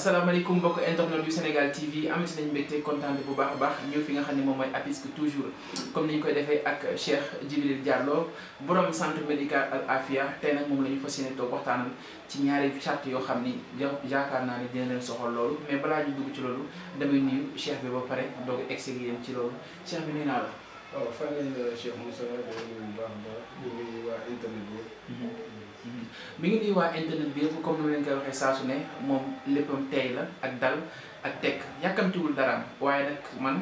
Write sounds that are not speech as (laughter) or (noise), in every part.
asalaamaaleykum mbokk internet du Sénégal TV amati nañ content de bu baax baax ñëw fi nga xam mom moy mooy toujours comme niñ koy défé ak Cheikh Djibril Diallo borom centre médical Al Afia tey nak mom lañu ñu fas waxtaan ci ñaari charte yoo xam ni yaakaar naa ne dina leen soxal loolu mais bala ñu dugg ci loolu damay nuyu Cheikh bi ba paré dog a egsi ci lolu Cheikh bi nuyu la. waaw fa lañ Cheikh Moussa di nuyu bu baax a baax di internet bi. mi ngi nuyu waa internet bi yëpp comme ni leen koy waxee saa ne moom léppam tey la ak dal ak tekk yàkkamtiwul daraam waaye nag man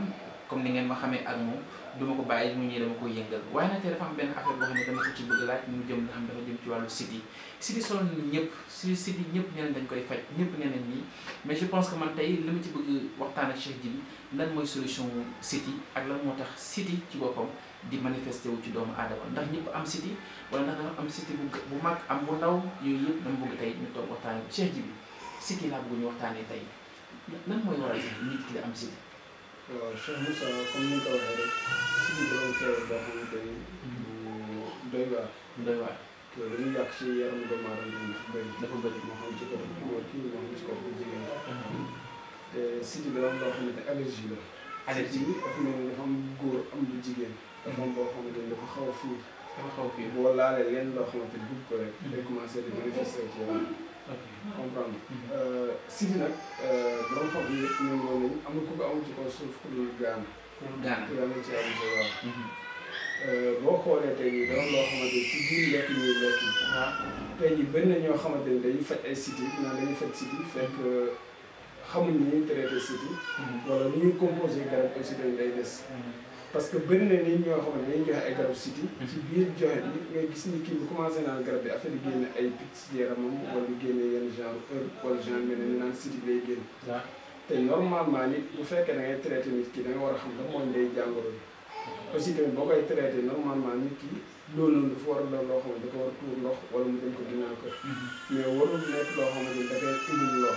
comme ni ngeen ma xamee ak moom du ko bàyyi mu ñëwee dama ko yëngal waaye nag te dafa am benn affaire boo xam ne dama ko ci bëgg laaj xam dafa jëm wàllu site yi site yi solo nañu si yi ñëpp ñeneen dañ koy faj ñëpp ñeneen nii mais je pense que man tey li ma ci bëgg waxtaan ak Cheikh Djiby lan mooy solution site yi ak la moo tax site ci boppam di manifester wu ci doomu adama ndax ñepp am city wala ndax am city bu bu mag am bu ndaw yu yëpp dama bëgg tay ñu tok waxtaane cheikh bi siti bëgg ñu waxtaane tey lan mooy waral nit ki am siti cheikh Moussa comme ni ko waxee rek siti borom feebar boo xam ne tey doy waar doy ci yaram dafa xam ci ko ci ko allergie la allergie am uh, lu dafa am boo xamante ni dafa xaw a fiir. dafa xaw a fiir boo laalee lenn loo xamante ni bëgg ko rek. day commencé di manifester ci yow. ok comprendre si bi nag borom xam yëpp ñëwoon nañu amul ku ko amul ci kaw suuf ku dul gaan. gaan ku dul ci amul ci waaw. boo xoolee tey jii dafa loo xamante ci biir lekk ñuy lekk yi. tey de bëri na ñoo xamante ni dañuy faj ay cité naan dañuy faj cité fekk xamuñ ni ñuy traité cité. wala ni ñuy composé garab aussi dañ parce que bëri na nit ñoo xam ne dañ joxe ay garab siti ci biir joxe bi ngay gis ni kii bi commencé naan garab bi affaire génne ay picc ci yaramam wala di génne yenn genre heure wala genre mel ni naan siti lay génn te normalement nit bu fekkee da ngay traité nit ki da nga war a xam da mooy lay jàngoro bi aussi tamit boo koy traité normalement nit ki loolu noonu dafa war a doon loo xam ne da ko war a tuur ndox wala mu dem ko ginnaaw kër mhm. mais warul nekk loo xamante ni da koy indil loo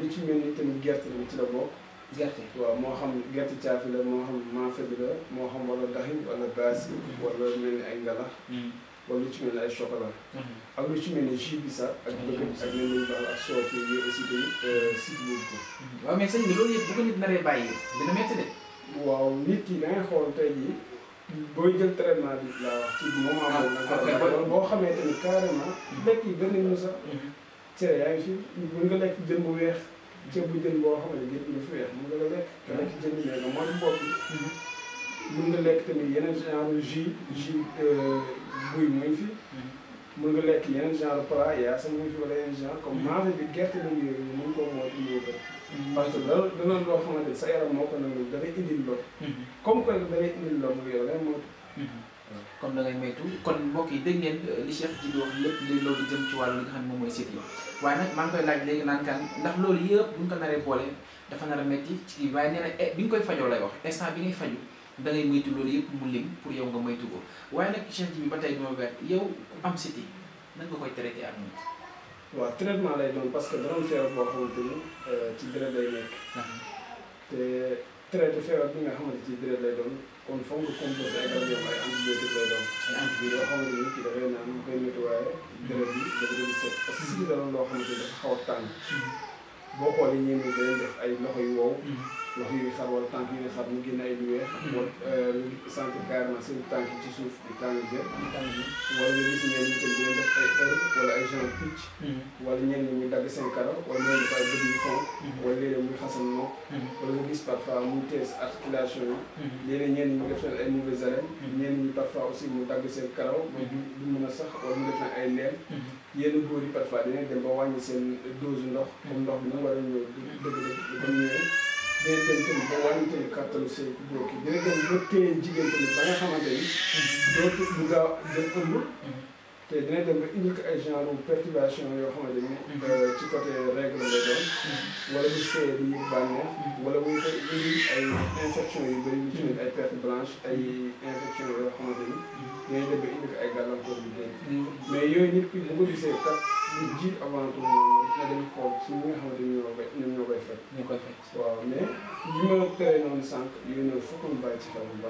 li ci mel ni tamit gerte bi ci la bokk. gerte waaw moo xam gerte caafi la moo xam maafe bi la moo xam wala daxin wala baasi. wala mel ni ay ngalax. wala lu ci mel ni ay chocolat. ak lu ci mel ni jus bi sax. ak bëgg ak mel ni daal ak soow bi yooyu aussi tamit site boobu ko. waaw mais sëñ bi loolu yëpp bu ko nit naree bàyyi dina métti de. waaw nit ki da ngay xool tey jii. booy jël traitement bi laa wax ci moment boobu. boo xamee tamit carrément. lekk yi benn ñu sax. cere yaa ngi ci mën nga lekk jën bu weex ceeb bu jën boo xam ne jën bu fi weex mën nga lekk nga lekk jën bu weex mooy bopp mhm. mën nga lekk tamit yeneen genre jus jus euh, buy mu ngi fi mhm. mën nga lekk yeneen genre plat yaa sama mu ngi fi wala yeneen genre comme mangé mhm. bi gerte la mu yooyu moo indi ko parce que dana loo xamante sa yaram moo ko nangu dafay indil lor comme mu yow leen moo kon da ngay moytu kon mbokk yi dégg ngeen euh, li Cheikh ji di wax lépp li loolu jëm ci wàll li nga xam ne moom mooy sit yi waaye nag maa koy laaj léegi naan kan ndax loolu yëpp bu ñu ko naree boole dafa nar a metti ci kii waaye nee na eh, bi nga koy fajoo lay wax instant bi ngay faju da ngay moytu loolu yëpp mu lim pour yow nga moytu ko waaye nag Cheikh ji bi ba tey ñoo wet yow ku am sit yi nan nga koy traité ak moom waaw traitement lay doon parce que danoon feebar boo xamante ni euh, ci deret day traité feebar bi nga xamante ci deret lay doon kon foog nga composé ay garab yoo xam ne antibiotique lay doon. ay antibiotique yoo xamante ni ci dafay naan mu koy nettoyé deret bi dafa doon set. parce que ñu doon loo dafa xaw a tàng. Mm-hmm. boo xoolee ñenn ñi dañuy ay loxo yu wow. Mm-hmm. wax yi xar des mhm. euh, tànk qui ont mu des ay lu weex. wala des sant qui seen ci suuf di tàng des wala nga gis ñenn ñi des def ay heure wala ay de picc. Mhm. wala ñenn des choses, des wala bëgg mhm. wala des parfois des articulation yi. des ay parfois aussi mu des des du du sax wala mu def na ay parfois dem ba des ndox. des bi qui day dem tamit ba wàññi tamit kattanu sëy ku góor ki dina dem ba téye jigéen tamit ba nga xamante ni dootu mm-hmm. te dina dem ba indi ko ay genre perturbation yoo xamante ni mm-hmm. euh, ci côté règle la doon mm-hmm. wala bu sëy di ñu bànneex wala bu ko indi ay infection yu bëri yu ci ay perte blanche yoo xamante ni dina dem ba indi ko ay gàllankoor yu bëri mais yooyu nit ki bu ko gisee kat li jiir avant tout moom nga dem xool si ñi nga xamante ni ñoo koy ñoo koy fekk. ñoo koy fekk waaw mais li ma teree noonu sànq yooyu noonu foog ñu bàyyi ci xel mhm. yi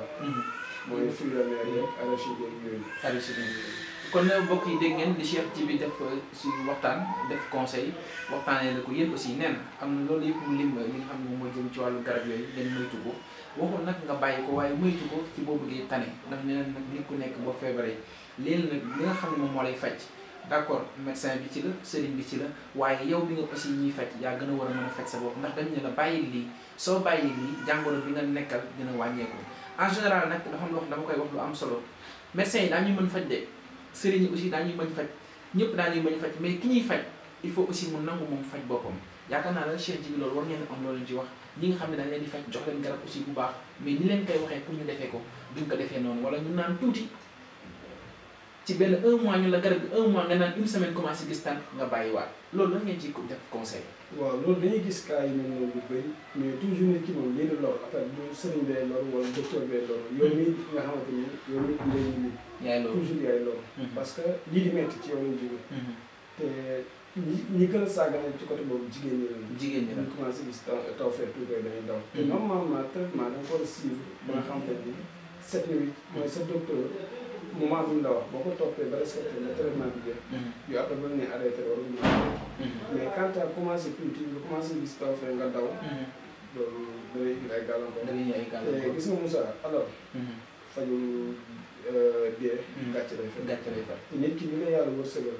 def si euh, waxtaan def conseil waxtaanee la ko yéen aussi nee na am na loolu yëpp lim euh, li nga xam ne moom moo jëm ci wàllu garab yooyu ngeen moytu ko waxul nag nga bàyyi ko waaye moytu ko ci boo bëggee tane ndax nee na nag nit ku nekk boo feebaree léegi nag li xam ne moo lay faj. d'accord médecin bi ci la sëriñ bi ci la waaye yow bi nga aussi ñuy faj yaa gën a war a mën a faj sa bopp ndax dañ ne la bàyyi lii soo bàyyi lii jàngoro bi nga nekkal dina wàññeeku en général nag dafa am loo xam dama koy wax am solo médecin yi daañuy mën faj de sëriñ yi aussi daañuy mën faj ñëpp daañuy mën faj mais ki ñuy faj il faut aussi mu nangu yaakaar naa la Cheikh Djibi loolu war ngeen am loolu ci wax ñi nga xam ne dañ leen di faj jox leen garab aussi bu baax mais ni leen koy waxee pour ñu defee ko duñ ko defee noonu wala ñu naan tuuti ci benn un mois ñu la garab bi un mois nga naan une semaine commencé gis tànk nga bàyyiwaat loolu lan ngeen ciy def conseil. waaw loolu dañuy gis cas yi mel noonu lu bëri mais toujours nit ki moom lii la lool après bu sëriñ bee lool wala docteur bee lool yow mii nga xamante ni yow mii lay ñu. yaay lool toujours yaay lool. Mhm. parce que lii di métti ci yow lañ jóge. Mhm. te ñi ñi gën a saagal ci côté boobu jigéen ñi lañ. jigéen ñi lañ commencé gis taw taw fee tuuti dañuy daw. te mhm. normalement traitement da nga ko war a suivre ba nga xamante ni sept minutes mooy sa docteur. moment bi mu la wax boo ko toppee ba respecté le traitement bi jeex. Mhm. yow après ba nga arrêté warul ñu mhm. mais quand tu as commencé culture nga commencé gis taw fee nga daw. Mhm. loolu dafay indi ay gàllankoor. dafay ay gàllankoor eh, gis nga Moussa alors. faju euh, dee. gàcce lay fay gàcce lay fay. nit ki li nga yàlla wërsëgal.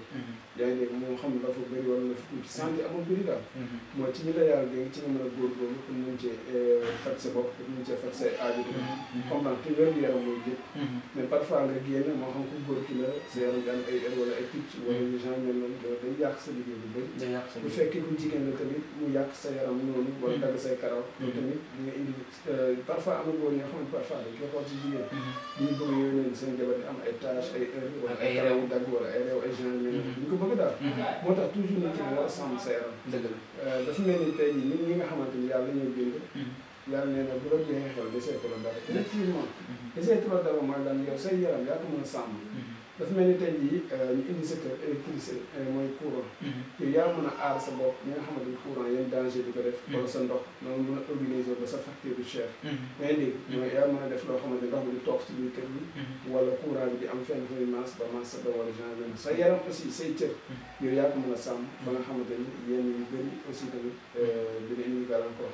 yaa ngi dégg moom xam nga dafa bëri wala dafa tuuti sant amul bëri daal. Mhm. mooy ci ñi la yàlla dégg ci nga mën a góorgóorlu pour mën cee euh, faj sa bopp pour mën cee faj say aajo. Mhm. Mhm. comme daal te wér yaram mooy lépp. mais parfois nga génn moo xam ku góor ki la sa yaram di am ay air wala ay picc. wala les gens mel noonu day yàq sa liggéey bu bëri. day yàq sa liggéey bu fekkee ku jigéen la tamit mu yàq sa yaram noonu. wala dagg say karaw. loolu tamit di nga indi euh, parfois am na góor ñoo xam ne parfois dañ koy xool ci jigéen. bu ñu bëgg yooyu noonu seen jabar di am ay tâche ay heure. wala ay rew dagg wala ay rew ay genre ko daal. Mhm. moo tax toujours nit ki da nga sàmm sa yaram. dëgg la euh, dafa mel ni tey jii ñi nga xamante ni yàlla ñoo bind. Mhm. yàlla nee na bu la joxee xel desee trop dara effectivement. desee trop dara mooy lan yow say yaa ko mën a sàmm. Mhm. dafa mel ni tey jii euh, ñu indi secteur électricité euh, mooy courant. Mhm. yow yaa mën a aar sa bopp ñi nga xamante ni courant yan danger di ko def. Mhm. wala sa ndox noonu mën a ba sa facture du cher. mais mhm. yaa mën a def loo xamante ni ndox mi di toog ci biir kër gi. wala courant bi di am fenn fay masse ba masse sa doole genre même sa yaram aussi say cër. yow yaa ko mën a sàmm ba nga xamante ni yenn yu bëri aussi tamit euh, dina indi gàllankoor.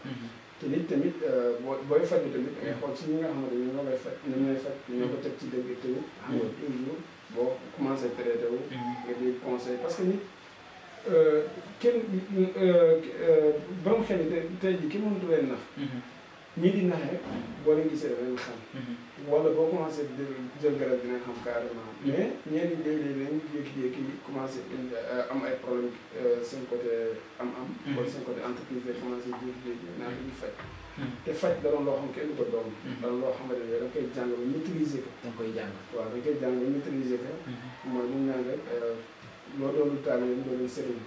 te nit tamit boo booy faj tamit da ngay xool ci ñi nga xamante ni ñoo koy faj ñoom teg ci dëgg te xam boo commencé traité wu. Mm-hmm. nga conseil parce que nit euh, kenn euh, euh, borom xel yi tey tey jii kenn mënut leen nax. Mm-hmm. ñii di naxee boo leen gisee danañ xam. Mm-hmm. wala boo commencé di jël garab dina xam carrément. mais ñenn ñi léeg-léeg dañuy jékki am ay problème seen côté am-am. wala seen côté entreprise day commencé léegi jékki naan du faj. Hmm. te faj da loo xam kenn du ko doon. Hmm. dara loo xam ne da nga koy jàng ba maîtriser ko. da koy jàng waaw da nga koy jàng ba maîtriser ko. Hmm. mooy li ñu naan rek euh, loo doon taal yéen doo leen sëriñ.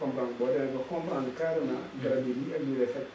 comprendre boo demee ba comprendre carrément. garab yi lii ak lii lay faj.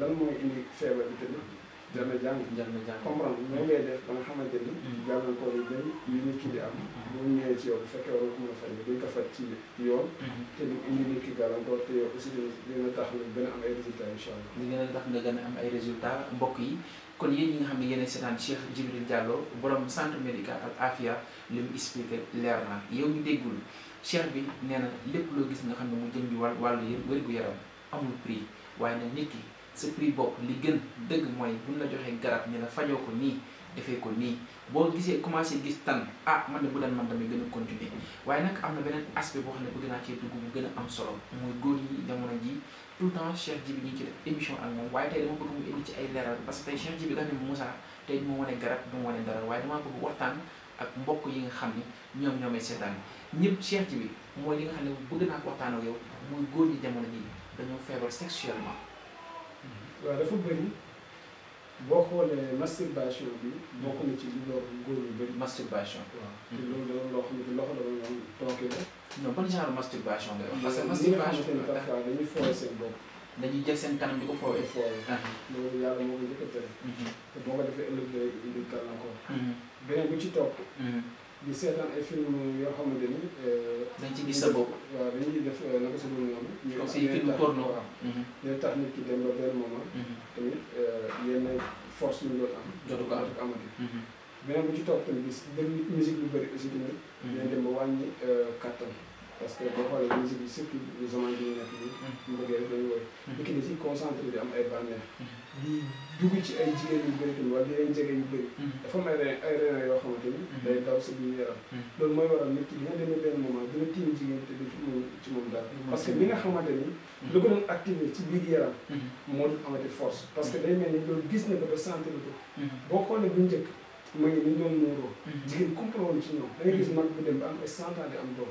lan mooy indi feebar bi tamit. jar na jàng jar na jàng comprendre ñoo ngay def ba nga xamante ni gàllankoor yu bëri yu nit ki di am mm. bu ñëwee ci yow bu fekkee war nga ko mën a faj duñ ko faj ci yoon mm-hmm. te du indi nit ki gàllankoor te yow aussi dina tax nga gën a am ay résultats incha allah li gën a tax nga gën a am ay résultats mbokk yi kon yéen ñi nga xam ne yéen a seetaan Cheikh Djibril Diallo borom centre médical ak Afia li mu expliqué leer na yow ñu déggul Cheikh bi nee na lépp loo gis nga xam ne mu jëm bi wàll wàllu wér gu yaram amul prix waaye nag nit ki sa prix bopp li gën dëgg mooy buñ la joxee garab ñu la fajoo ko nii defee ko nii boo gisee commencé gis tan ah man de bu daan man damay gën a continuer waaye nag am na beneen aspect boo xam ne bëgg naa cee dugg bu gën a am solo mooy góor ñi tout le temps Cheikh émission ak moom waaye tey dama indi ci ay leeral parce que tey Cheikh Djibi dafa ne Moussa tey du ma wane garab du ma wane yi nga xam ne ñoom ñoomay seetaan ñëpp Cheikh Djibi mooy li nga xam ne bëgg ko waxtaan yow mooy góor ñi jamono ji dañoo feebar sexuellement waaw dafa bëri boo xoolee masturbation bi bokk na ci li loolu góor yu bëri. masturbation waaw. te loolu loolu loo xam ne loxo la woon tooke la. wax. parce que masturbation bi parfois dañuy foowee seen bopp. dañuy jël seen kanam di ko foowee. foowee ah. loolu yàlla moo ko njëkk a mhm. ko defee mhm. beneen bu ci topp. Mhm. di seetaan ay film yoo xamante ni. dañ euh, ci gis sa bopp. waaw dañuy def euh, naka sa bopp noonu. ñu comme si film porno waaw mhm. tax nit ki dem ba benn moment. Mhm. tamit euh, yenn force yu doon am. dootu ko amati. Mhm. beneen bu ci toog tamit si dégg musique lu bëri aussi tamit. dinañ dem ba wàññi kattan. parce que boo xoolee musique yi surtout les amants yi nekk nii. mu bëggee dañu woy. nit ki da ciy concentré di am ay bànneex. di dugg ci ay jigéen yu bëri tamit wala mm-hmm. dafa may yoo xamante ni. Mm-hmm. day daw sa biir yaram. Mm-hmm. loolu mooy waral nit ki dina demee benn moment dina tiim jigéen te du ci moom daal. parce que bi nga xamante ni. lu ko doon activé ci biir yaram. moo di amati force parce que day mel ni loolu gis na ko ba sentir ko. boo xoolee bu njëkk. ma ngi ni ñoom muuroo jigéen kumpa woon ci ñoom da gis mag bu dem ba am ay cent di am doom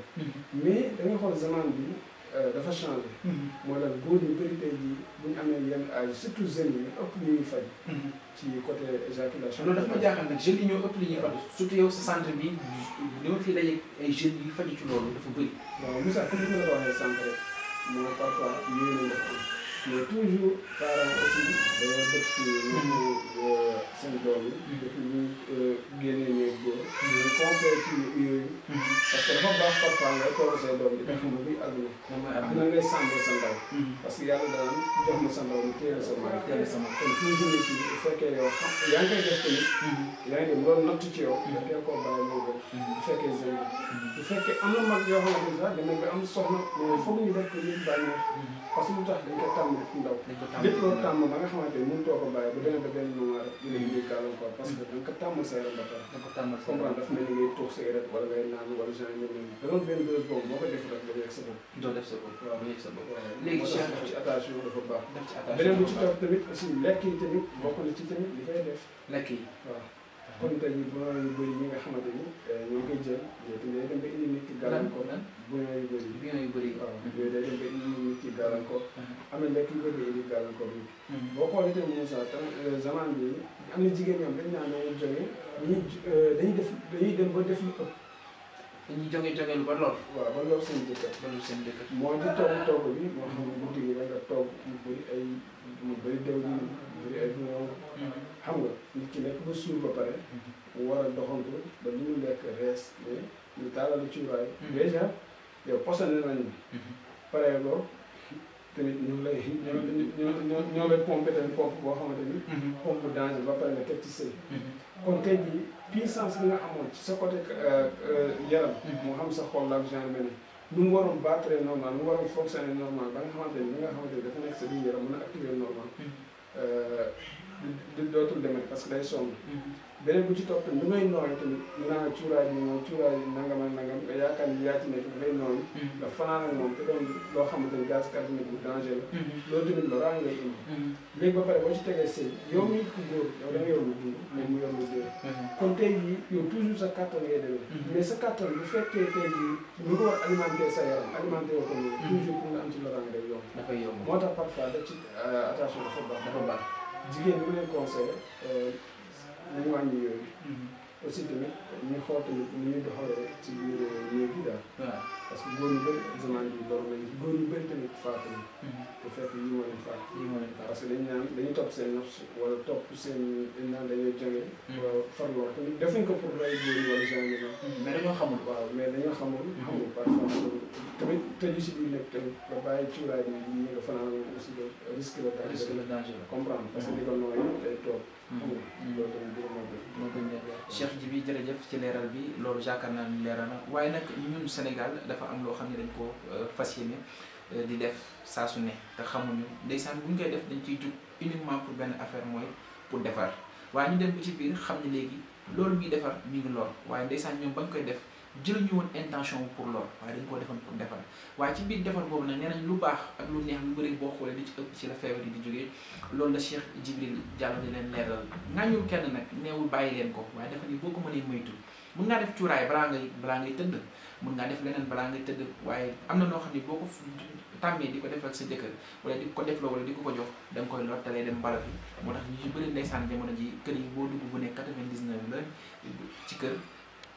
mais da xool zaman bi Euh, dafa changé. Mhm. moo la góor ñu bëri tey jii bu ñu amee yenn âge surtout jeunes yi ëpp li faj. Mhm. ci côté éjaculation. loolu dafa ma jaaxal nag jeunes yi ñoo ëpp li ñuy faj surtout yow sa centre bi ni ma fi daje ay jeunes yi faju ci loolu dafa bëri. waaw Moussa comme ni ma la ko waxee centre rek moo parfois yéen a mais toujours parents aussi dañoo def ci euh, seen doom yi depuis ñu euh, génnee néeg góor ñu mm-hmm. conseil ci yooyu mm-hmm. parce que dafa baax parfois ngay conseil doom bi def mu bi ak lu ak na ngay sàmmee sa ndaw mm-hmm. parce que yàlla daan jox ma sa ndaw mu téye sa maay téye sama kon toujours ni ci bu fekkee yow xam yaa ngi koy def tamit yaa ngi dem loolu natt ci yow nga teel koo bàyyi moo gën bu fekkee zéro bu fekkee am na mag yoo xamante ne sax dama bi am soxna mais foog ñu def ko ñu bànneex parce que lu tax dañ ko tàmm tàmbalee fu ndaw lépp loo tàmm ba nga xamante ni mënutoo ko bàyyi bu demee ba benn moment rek dina ñuy gàllankoor parce que da nga ko tàmmal sa yaram ba pare da nga ko tàmmal comprendre dafa mel ni ngay tuux cigarette wala ngay naan wala genre ñoom ñoom da doon benn dose boobu boo ko def rek doo yegg sa bopp doo def sa bopp waaw doo yegg sa bopp léegi Cheikh def ci attention dafa baax def ci attention beneen bu ci topp tamit aussi lekk yi tamit bokk na ci tamit li koy def lekk yi waaw kon tey bouillon yu bëri yi nga xamante ni eh, ñu ngi koy jël day dem ba indi nit ki gàllankoor. bouillon uh-huh. yu bëri bouillon yu bëri waaw yooyu day dem ba indi nit ki gàllankoor. am na lekk yu bëri indi gàllankoor yi. boo xoolee tamit Moussa tam eh, zaman bi am na jigéen ñoom dañ naan dañuy jógee eh, dañuy def dañuy dem ba def lu ëpp. dañuy jóge jóge lu ba lor. waaw ba lor seen jëkkër. ba lor seen jëkkër. moo di togg togg bi moo xam ne guddi gi da nga togg mu bëri ay mu bëri dew mu bëri ay bouillon uh-huh. xam nga. ba suur ba pare. war a doxantu ba li mu lekk rees mais ñu taalal ci cuuraay. Mhm. dèjà yow posone nañu. Mhm. pare loo tamit ñu lay ñoo ñoo ñoo ñoo lay pompé tamit pompe boo xamante ni. Mhm. pompe danger ba pare nga teg ci sëy. kon tey jii puissance bi nga amoon ci sa côté euh, euh, yaram. moo xam sa xol la ak genre mel ni mu waroon battre normal nu mu waroon fonctionner normal ba nga xamante ni li nga xamante ni dafa nekk sa biir yaram mën a activer normal. Euh, du du dootul demee parce que day sonn. Mm-hmm. beneen bu ci topp tamit lu ngay nooyee tamit ñu naan cuuraay bi moom cuuraay bi nangam ak nangam nga yaakaar ni yaa ci nekk da ngay nooyi. Mm-hmm. nga fanaan ak moom te doon loo xamante ni gaz carbonique bu danger la. Mm-hmm. loolu tamit ba raa ngay indi. léegi ba pare boo ci tegee sëy yow mii ku góor yow da nga yor lu góor moom mu yor lu góor. kon tey jii yow toujours sa kattan ngay demee. mais sa kattan bu fekkee tey jii ñu ko war alimenter sa yaram alimenter ko toujours pour nga am ci loraange day yomb. dafay yomb moo tax parfois daf ci euh, attention dafa baax dafa baax. jigéen ñi mu leen conseillé euh, nañu wàññi yooyu. Mm-hmm. aussi tamit ñu xool tamit ni ñu doxalee ci biir néew bi daal. parce que góor ñu bëri tamit faatu na. Mm-hmm. bu fekk yi moo leen faat. yi moo parce que dañu naan topp seen nafs wala topp seen dañu naan dañoo jonge. Mm-hmm. waaw farloo tamit defuñ ko pour rey góor yi wala genre yi. Mm-hmm. mais dañoo xamul. waaw mais dañoo xamul. xamul parfois tamit tëju si biir lépp tamit nga bàyyi cuuraay bi ñu nga fanaan aussi risque la danger. la danger comprendre parce que li ko nooy day toog. loolu tamit dina moo gën moo jërëjëf ci leeral bi loolu yaakaar naa ni leeral na waaye nag ñun Sénégal dafa am loo xam ne dañ ko euh, fas yéene euh, di def saa ne te xamuñu ndeysaan bu ñu koy def dañ ciy jug uniquement pour benn affaire mooy pour defar waaye ñu dem ba ci biir xam ne léegi loolu muy defar mi ngi lor waaye ndeysaan ñoom bañ koy def jël ñu woon intention pour lool waaye dañ koo defoon pour defar waaye ci biir defar boobu nag nee nañ lu baax ak lu neex lu bëri boo xoolee di ci ëpp ci la feebar yi di jógee loolu la Cheikh Djibril Diallo di leen leeral ŋàññul kenn nag neewul bàyyi leen ko waaye dafa ni boo ko mënee moytu mun ngaa def cuuraay balaa ngay balaa ngay tëdd mun ngaa def leneen balaa ngay tëdd waaye am na noo xam ne boo ko tàmmee di ko def ak sa jëkkër wala di ko def loo wala di ko ko jox da nga koy lor te lay dem ñu ci bëri ndeysaan jamono ji kër yi boo dugg bu nekk 99 la ci kër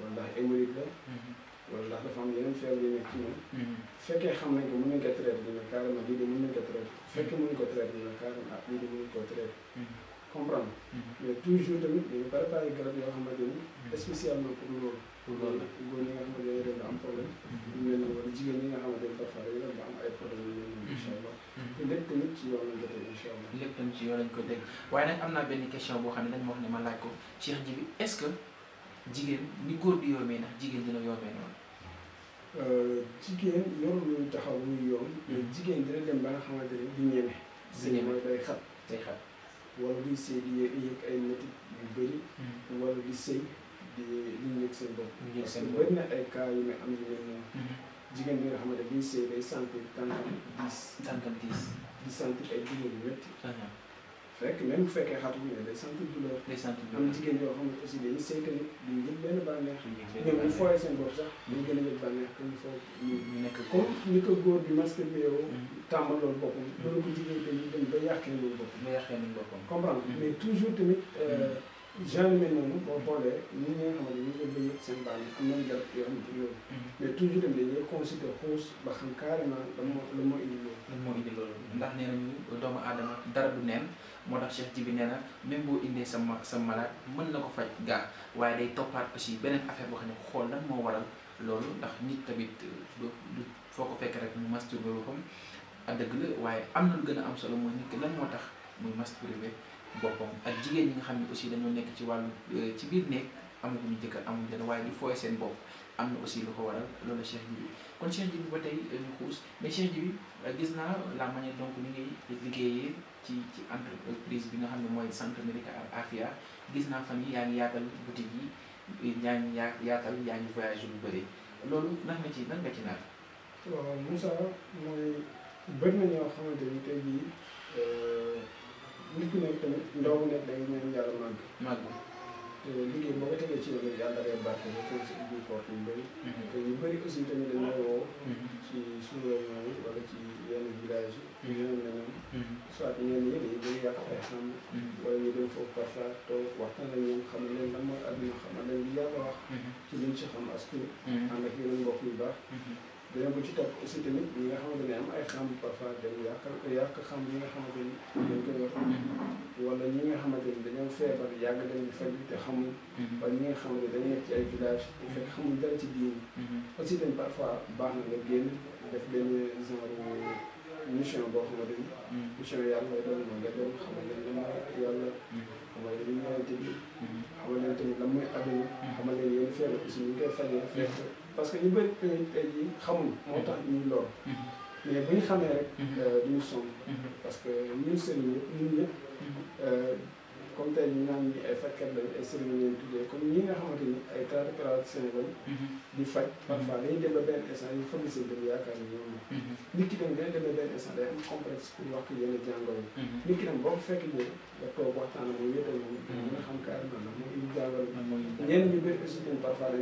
wala ay wérit la. wala dafa am yeneen feebar yu nekk ci ñoom. bu fekkee xam nañ ko mën nañ ko traité dina carrément lii de mën nañ ko traité. bu fekkee mën nañ ko traité dina carrément ah lii de mën nañ ko traité. comprendre mais toujours tamit dañu préparé garab yoo xamante ni spécialement pour loolu. pour loolu la góor ñi nga xamante ne dañu am problème. ñu mel ni wala jigéen ñi nga xamante ne parfois dañu doon am ay problème yu mel nii incha allah. te lépp tamit ci yoon lañ ko dégg incha allah. lépp tamit ci yoon lañ ko dégg waaye nag am naa benn question boo xam ne dañ ma wax ne ma laaj ko Cheikh Djibi est-ce que. jigéen ni góor di yoomee ndax jigéen dina yoomee noonu. Euh, jigéen yorul luñ taxaw hmm. jigéen dina dem ba nga xamante ne du ñeme. sëy mooy day xat day xat. wala di sëy di yëg ay métit yu bëri. Hmm. wala di sëy di di yëg seen bopp. yëg seen bopp parce que yu am na hmm. bi nga xamante ne bii sëy day sentir tànkam diis. tànkam diis. di sentir ay dugub yu métti. fekk même bu fekkee xatum ne day sentir douleur. day sentir douleur am na jigéen yoo xam ne aussi dañuy seet tamit dañuy yëg benn bànneex. seen bopp sax dañu nekk comme ni ko góor bi masturbé yow. Mm-hmm. tàmbal loolu boppam. Mm-hmm. loolu ko jigéen tamit dem ba yàqee loolu boppam. ba yàqee loolu boppam. comprendre mm-hmm. mais toujours tamit. Euh, genre mel noonu boo boolee ni ñu ko bëgg seen bànneex am nañ garab yoo xam ne loolu. mais toujours tamit moo lan moo indi loolu. ndax nee nañu doomu aadama dara du neen moo tax Cheikh Jibi nee na même boo indee sa sa malade mën na ko faj gaa waaye day toppaat aussi beneen affaire boo xam ne xool lan moo waral loolu ndax nit tamit euh, du foo ko fekk rek mu masturbé boppam dëgg la waaye am na lu gën a am solo mooy nit ki moo tax muy masturbé boppam ak jigéen ñi nga xam ne aussi dañoo nekk ci wàllu euh, ci biir néeg amaguñu jëkkër amuñu dara waaye di fooy seen bopp am na aussi lu ko waral loolu Cheikh Jibi kon bi Djiby ba tey ñu euh, xuus mais Cheikh euh, Djiby gis naa la manière donc ni ngay liggéeyee ci ci prise bi nga xam ne mooy centre médical Afia gis naa fan yi yaa ngi yaatal boutique yi euh, yaa ngi yaa yaatal yaa ngi voyage bu bëri loolu nan nga ci nan nga ci naan. waaw Moussa mooy bëri na ñoo xamante ni tey jii nit ku nekk tamit ndaw mu nekk day yàlla màgg. màgg te liggéey boo ko tegee ci yow yàlla da ngay barke nga teel sa ubbi porte yu bëri. bëri aussi tamit dañ may woo. ci suñu réunion yi wala ci yenn village yi. ñoom ñoom. soit ñenn ñi dañuy bëri yàq ay xam. wala ñu dem foofu parfois toog waxtaan ak ñoom xam leen lan mooy àdduna xamal leen li yàlla wax. ci liñ ci xam askan. ànd ak yeneen mbokk yu baax. dañu ci topp aussi tamit bi nga xamante ne am ay xam parfois dem yàq yàq xam yi nga xamante ni dañ koy wax wala ñi nga xamante ni dañoo feebar yàgg dañ faj te xamul ba ñi nga xamante dañuy ci ay village bu fekk xamul dara ci diin aussi tamit parfois baax na nga génn def benn genre mission boo xamante ni mission yàlla lay doon moom nga doon xamal leen lan mooy yàlla xam leen li ñu ñëwante bi xam leen tamit lan mooy adduna xam leen yéen feebar aussi ñu ngi koy fajee fekk parce que ñu bëri tamit tey jii xamuñ moo tax ñuy lool. mais bu ñu xamee rek. Mhm. Euh, duñu mhm. parce que ñun seen yëpp ñun ñëpp. Mhm. Euh, comme tey ñu naan ñi ay fajkat lañ ay sëriñ lañ tuddee comme ñi nga xamante ni ay traité praticien lañ mhm. di faj mhm. parfois dañuy dem ba benn instant ñu fagg seen dëgg yaakaar ni ñoom la mhm. nit ki dem a xam carrément nag moom indi jàngoro bi ñenn ñu bëri aussi ñun parfois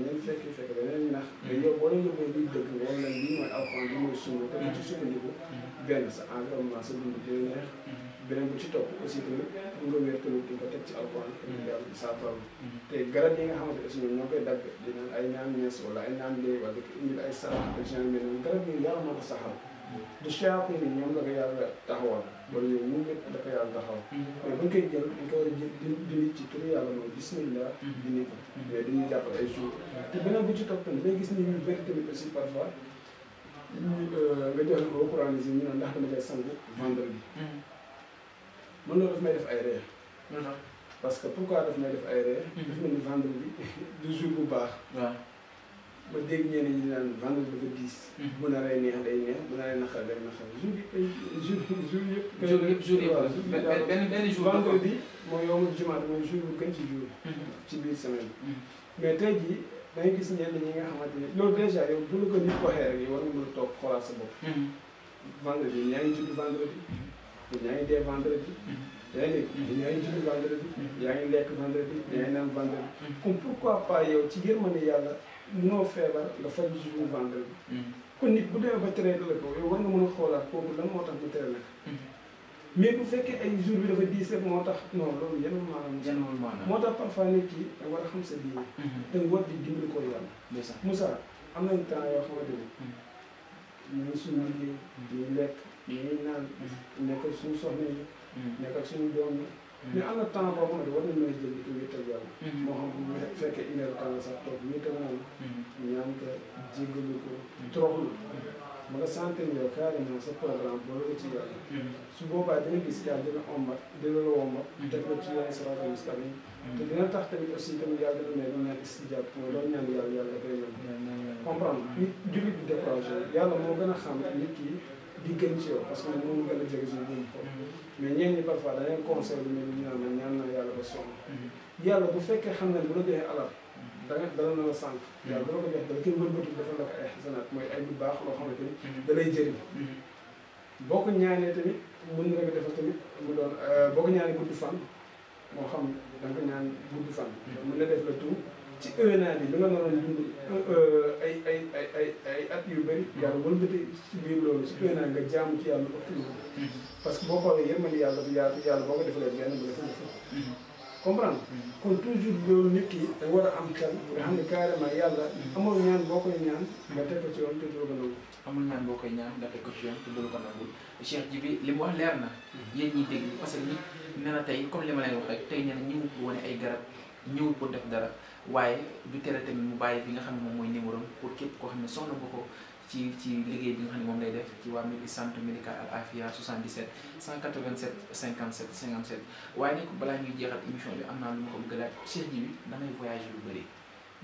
sa environnement sa neex beneen bu ci topp aussi tamit bu nga wér tamit di nga teg ci alcool yàlla di saafara mm-hmm. te garab yi nga xamante aussi ñoom ñoo koy dagg dinañ ay ñaan ñees wala ay ñaan léegi wala indil ay sarax ak genre mel noonu garab yi yàlla moo ko saxal mm-hmm. du chaque ni ñoom la ko yàlla taxawal wala yow mu ngi da ko yàlla taxawal mm-hmm. mais bu ñu koy jël dañ ko war a jël dindi ci turu yàlla mooy bismillah dindi ko mais dañuy jàppal ay jour te beneen bu ci topp tamit day gis ni ñu bëri tamit aussi parfois euh, nga joxe ko Coran yi ñu ne ndax dama jël sangu vendredi man loolu daf may def ay réer. parce que pourquoi daf may def ay réer. daf mel ni vendredi (laughs) du jour bu baax. waaw ma dégg ñeneen ñi naan vendredi ba dix. bu naree neex day neex bu naree naqar day naqar jour bi ay jour jour yëpp. jour yëpp jour yëpp benn benn jour. vendredi mooy yowmal jumaat mooy jour bu gën ci jour. Mhm. ci biir semaine bi. Mhm. mais tey jii da ngay gis ñenn ñi nga xamante ne loolu dèjà yow bu la ko nit waxee rek yow war nga mën a toog xoolaat sa bopp. Mhm. vendredi yaa ngi tudd vendredi. yaa ngi dee vendredi. yaa ngi dégg yaa ngi julli vendredi. yaa ngi lekk vendredi yaa ngi naan vendredi. kon pourquoi pas yow ci yërmande yàlla munoo feebar nga faj jour vendredi. kon nit bu demee ba traité la ko yow war nga mën a xoolaat kooku lan moo tax mu traité la ko. mais bu fekkee ay jour bi dafa diis rek moo tax non loolu yenn maanaam. yenn maanaam moo tax parfois nit ki war a xam sa diine. te mhm. war di dimbali ko yàlla. Moussa am nañ temps yoo xamante ne. Mhm. ñu ngi suñu liggéey. ñu lekk. li ñuy naan. nekk ak suñu soxna yi. Mm. nekk ak suñu doom yi. Mm. mais am na temps boo xamante war a jël di ko wéttal yàlla. Mm. moo xam bu fekkee une heure temps sax toog wéttal sa programme boole ko su boobaa dina gis yàlla dina ombat dina la wombat. teg ko ci yoonu siraatal mustaqiim te dina tax tamit aussi tamit yàlla di gën ci yow parce que moom gën a jege suñu mais ñeen ñi parfois danañ conseil lu mel ñu naan ñaan na yàlla ba sonn yàlla bu fekkee xam ne bu la joxee alal dana dana na la sànq yàlla bu la ko jox dala la ko ay xasanaat mooy ay lu baax loo xamante ni da lay jëriñ boo ko ñaanee tamit mën nga ko defal tamit mu doon moo xam da nga ko ñaan gudd fan mën na def la tout ci un e naa bi lu nga naroon dund euh, ay ay ay ay ay at yu bëri yàlla wëlbati ci biir loolu ci un e an nga jaamu ci yàlla mm-hmm. parce que boo xoolee yërmande yàlla bu yaatu yàlla boo ko defalee benn bu defa defa mm-hmm. mm-hmm. ki da war a am xel nga xam ne carrément boo ko ñaan nga teg ko ci yoon te doo ko nangu amul ñaan boo koy ñaan nga teg ko ci yoon te doo ko nangul Cheikh Djibi li mu wax leer na yéen ñiy dégg parce que ñi nee na tey comme li ma leen wax rek tey nee na ñëwul wane ay garab ñëwul pour def dara waaye du tere tamit mu bàyyi bi nga xam ne moom mooy numéro pour képp koo xam ne soxla nga ko ci ci liggéey bi nga xam ne moom lay def ci waa mili centre médical Al Afia 77 187 57 57 waaye nag balaa ñuy jeexal émission bi am naa lu ma ko bëgg laaj Cheikh Djiby damay voyagé lu bëri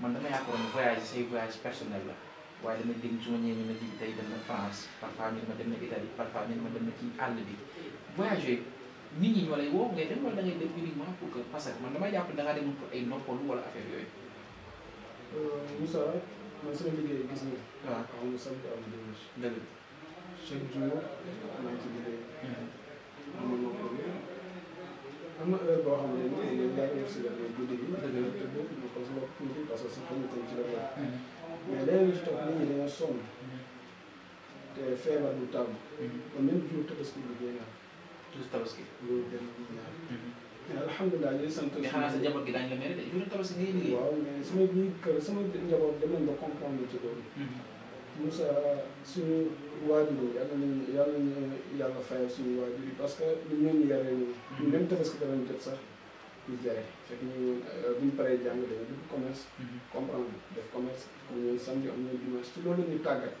man dama yaakaaroon ne voyage say voyage personnel la waaye dama dégg su ma ñëwee ñu ma di tey dem na France parfois ñu ma dem na Italie parfois ma bi voyage nit ñi ñoo lay woo ngay dem wala da ngay dem uniquement pour que parce man damay jàpp da ngaa pour ay noppalu wala affaire yooyu. Moussa man sama liggéey gis nga. sant dëgg chaque jour maa ngi ci liggéey. noppalu am na heure boo xam ne nii si guddi dëgg la ko sama parce que si xam ci mais jullit tabaski. loolu mhm. benn mais alhamdulilah ñooy sant. mais xanaa sa njaboot gi daañu la mere de jullit tabaski ngay liggéey. waaw mais sama biir kër sama njaboot dem nañ ba comprendre ci loolu. Mhm. Moussa suñu waajur yàlla nañu yàlla nañu yàlla fayal suñu waajur yi parce que ñun ñoo ñu yaree ñu. Mhm. ñun même tabaski danañ jot sax ñu jaay fekk ñu euh, bu ñu paree jàng dañu dugg commerce. comprendre def commerce am nañu samedi am nañu dimanche ci loolu la ñuy tàggat.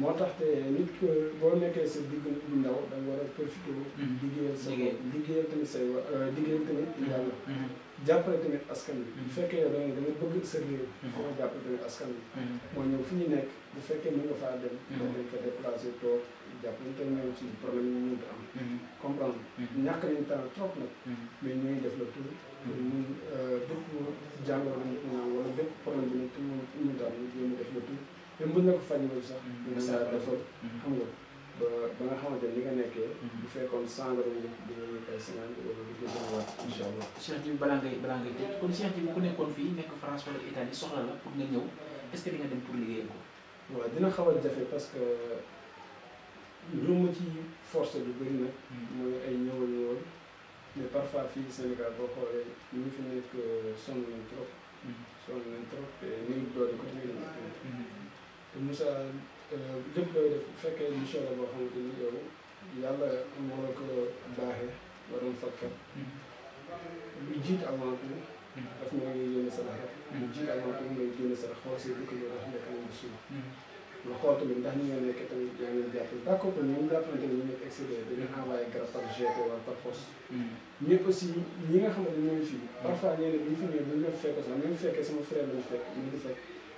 moo tax te nit ko boo nekkee sa digg bu ndaw da nga war a profité. Mm-hmm. liggéeyal sa bopp liggéeyal tamit say wa euh, tamit mm-hmm. yàlla. Mm-hmm. jàppale tamit askan bi bu fekkee da nga da nga bëgg askan wi. moo ñëw fi ñu nekk bu fekkee mën nga faa dem. da nga ko déplacé toog jàppale te ñoom ci problème yi ñu am. comprendre ñàkk nañ temps trop nag. mais ñooy def la tout. pour mun euh, jàngoro bi ñu naan wala bépp problème bi ñu ñu daan ñu jéem a def la tout. te mën na ko na mm-hmm. mm-hmm. xam nga ba ni nga nekkee. Mm-hmm. bu fekkoon sànq rek ñu dinañu ay cinquante wala a fii nekk France la pour nga ñëw est ce que di nga dem pour liggéeyal ko. dina xaw a jafe parce que lu ma ci force bi bëri na. mooy ay ñëwal ñëwal. mais parfois fii Sénégal boo xoolee ñu fi trop. sonn nañ trop te néew doole ko néew nañ Moussa lépp looy def bu fekkee mission la boo xamante ni yow yàlla moo la ko baaxee nga doon fàttal. lu jiit avant tout. daf mooy yéene sarax rek. lu jiit avant tout mooy yéene sarax xool si dëkk bi ndax nekk nañu suuf. nga xool tamit ndax ñi nga nekk tamit yaa ngi jàppale d' accord kon ñoom jàppalante ni ñu nekk excédé dañu envoyé garab par GP wala par poste. mais aussi ñi nga xamante ne ñooy fii. parfois ñeneen ñi fi ñëw dañu leen fekk sax même bu fekkee sama frère lañu fekk ñu ngi fekk.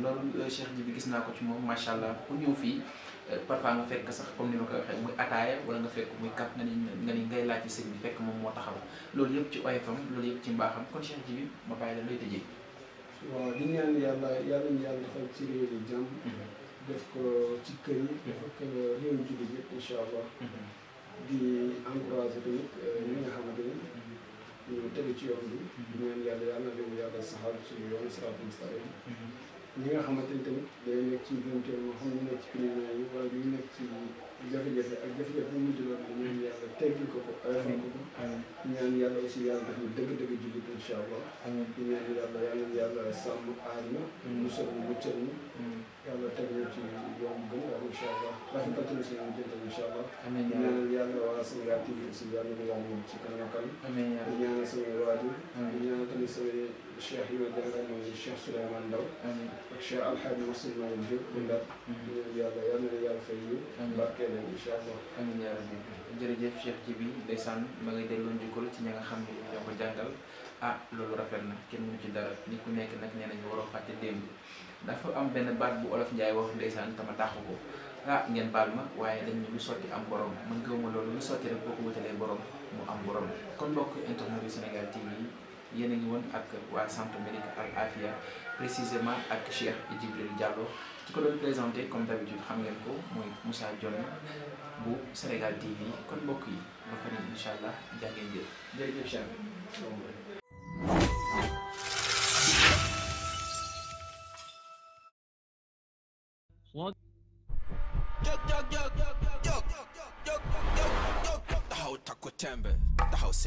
loolu Cheikh Djibi gis naa ko ci moom macha allah ku ñëw fii parfois nga fekk sax comme ni ma koy waxee muy ataaya wala nga fekk muy kap nga ni nga ni ngay laaj ci sëñ bi fekk moom moo taxaw loolu yëpp ci oyofam loolu yëpp ci mbaaxam kon Cheikh Djibi ma bàyyi la looy tëjee. waaw di ñaan yàlla yàlla ñu yàlla defal ci réew yi jàmm. def ko ci kër yi. def ko réew jullit yëpp incha allah. di encouragé tamit ñi nga xamante ni. ñu tegu ci yoon bi mm-hmm. di ñaan yàlla yàlla na leen yàlla saxal suñu yoon siraatul mustaqiim mm-hmm. ñi nga xamante ni tamit day ci gënte moo xam ci climat yi wala ñu nekk ci bu mujj loolu ñaan yàlla teggil ko ko ayofal ko ko ñaan yàlla aussi yàlla def ñu dëgg-dëgg jullit incha allah ñaan mm-hmm. mu muccal na yàlla teg ñu ci yoon bu gën a am incha allah rafetal ci suñu jënd incha allah. amiin ñaanal yàlla waa Sénégal TV aussi yàlla ñu yàlla ci kanam ak kanam. amiin ñaanal samay waajur. amiin ñaanal tamit samay cheikh yu ma jàngal mooy Cheikh Souleymane Ndaw. amiin ak Cheikh Alhaji Moussa Maodo Diop bu Ndar. ñaanal yàlla yàlla na yàlla fay ñu. amiin barkeel leen incha allah. amiin yaa rabbi jërëjëf Cheikh Djibi ndeysaan ma ngay delloo njukkal ci ña nga xam ne ñoo ko jàngal. ah lolo rafet na kenn mënu ci dara ni ku nekk nag nee nañu waroo fàtte démb dafa am benn baat bu olof njaay wax ndeysaan tama dàq ko ah ngeen baal ma waaye dañ lu sotti am borom man gëwuma loolu lu rek borom mu am borom kon mbokk internet Sénégal TV yi yéen a ngi woon ak waa centre médical Al Afia précisément ak Cheikh Djibril Diallo ci ko doon présenté comme d'habitude xam ngeen ko mooy Moussa Dione bu Sénégal TV kon mbokk yi ba fa Cheikh What? h e w taco timber, t h h o l e set.